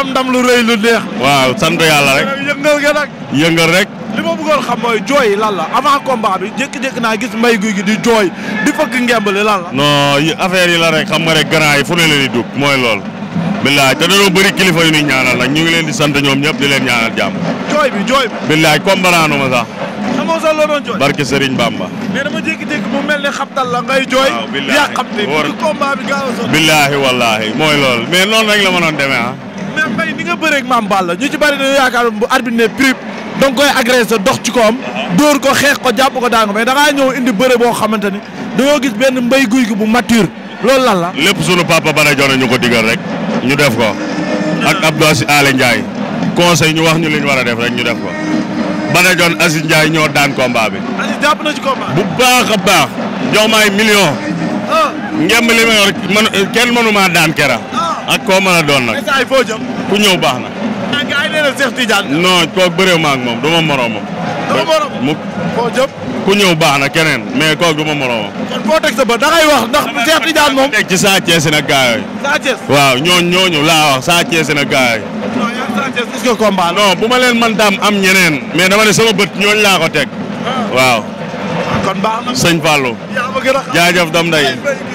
am ndam lu rëy lu waaw sant yàlla rek yëngal nga nag. yëngal rek. li ma bëggoon xam mooy jooy lan la avant combat bi naa gis mbay guy gi di jooy di fëgg ngemb li lan la. non yi la rek xam nga rek ganaar yi fu ne mooy lool. billaay te dañoo bëri kilifa yu ni ñaanal nag ñu ngi leen di sant ñoom ñëpp di leen ñaanal jàmm. jooy bi jooy bi. billaay comprendre sax. xamoo sax loo jooy. barke Serigne Bamba. la ngay jooy. waaw billaay yaa xam te combat bi a billaahi wallaahi mooy lool mais noonu rek la mënoon demee ah. mais mbay ni nga bëreeg maam Balla ñu ci bari dañu yaakaar bu arbitre ne prip da nga koy agressé dox ci koom. dóor ko xeex ko jàpp ko daango mais da ngaa ñëw indi bëre boo xamante ni dañoo gis benn mbay guy gi bu mature lool lan la. lépp sunu papa ba ne ñu ko digal rek ñu def ko ak Abdou Assis Alé Ndiaye conseil ñu wax ñu li ñu war a def rek ñu def ko Bada Dione Aziz Ndiaye ñoo daan combat bi. jàpp na ci combat. bu baax a baax jox ma million millions. Ah. ngem li ma yor man kenn ak koo mën a doon nag. ku ñëw baax na. ah gars yi nee moom du ma moroomam. ku ñëw baax na keneen mais kooku du ma moroomam. kon wax ndax Cheikh Tidiane moom. teg ci Sa Thiès nag waaw ñooñu ñooñu laa wax Sa Thiès nag gars yooyu. bu ma leen mën am ñeneen. mais dama ne sama bët ñooñu laa ko teg. Ah. waaw. Ah, kon baax na sëñ